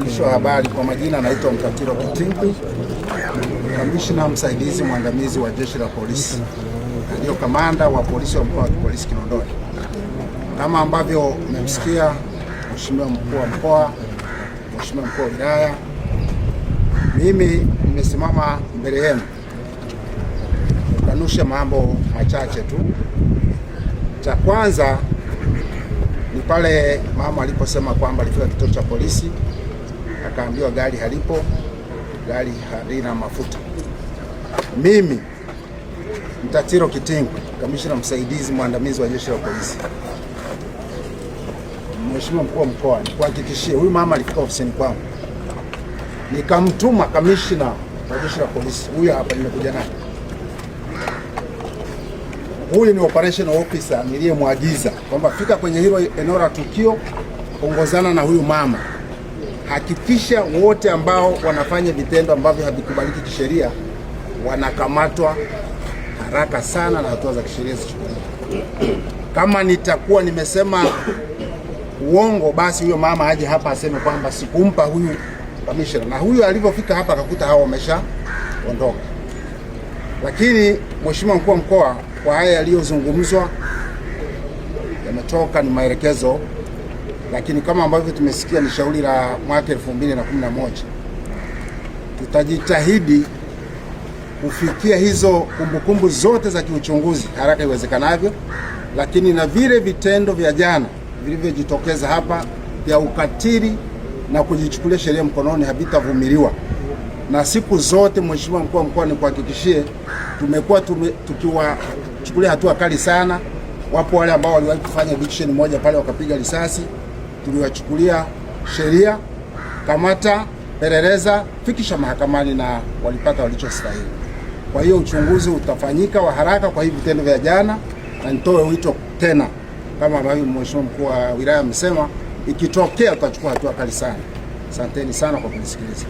waandishi wa habari, kwa majina anaitwa Mtatiro Kitinku, kamishna msaidizi mwandamizi wa jeshi la polisi, ndio kamanda wa polisi wa mkoa wa kipolisi Kinondoni. Kama ambavyo mmemsikia mheshimiwa mkuu wa mkoa, mheshimiwa mkuu wa wilaya, mimi nimesimama mbele yenu kukanusha mambo machache tu. Cha kwanza ni pale mama aliposema kwamba alifika kituo cha polisi akaambiwa gari halipo, gari halina mafuta. Mimi Mtatiro Kitingwi, kamishina msaidizi mwandamizi wa jeshi la polisi, Mheshimiwa mkuu wa mkoa, nikuhakikishie huyu mama alifika ofisini kwangu, nikamtuma kamishina wa jeshi la polisi. Huyu hapa nimekuja naye, huyu ni operation officer niliyemwagiza kwamba fika kwenye hilo eneo la tukio, ongozana na huyu mama hakikisha wote ambao wanafanya vitendo ambavyo havikubaliki kisheria wanakamatwa haraka sana na hatua za kisheria zichukuliwe. Kama nitakuwa nimesema uongo, basi huyo mama aje hapa aseme kwamba sikumpa huyu kamishna, na huyu alivyofika hapa akakuta hao wameshaondoka. Lakini Mheshimiwa Mkuu wa Mkoa, kwa haya yaliyozungumzwa yametoka, ni maelekezo lakini kama ambavyo tumesikia ni shauri la mwaka moja tutajitahidi kufikia hizo kumbukumbu zote za kiuchunguzi haraka iwezekanavyo, lakini na vile vitendo vya jana vilivyojitokeza hapa vya ukatili na kujichukulia sheria mkononi havitavumiliwa. Na siku zote, Mheshimiwa Mkuu wa Mkoa, nikuhakikishie, tumekuwa tukiwachukulia hatua kali sana. Wapo wale ambao waliwahi kufanya eviction moja pale wakapiga risasi tuliwachukulia sheria, kamata, peleleza, fikisha mahakamani na walipata walichostahili. Kwa hiyo uchunguzi utafanyika wa haraka kwa hivi vitendo vya jana, na nitoe wito tena kama ambavyo mheshimiwa mkuu wa wilaya amesema, ikitokea tutachukua hatua kali sana. Asanteni sana kwa kunisikiliza.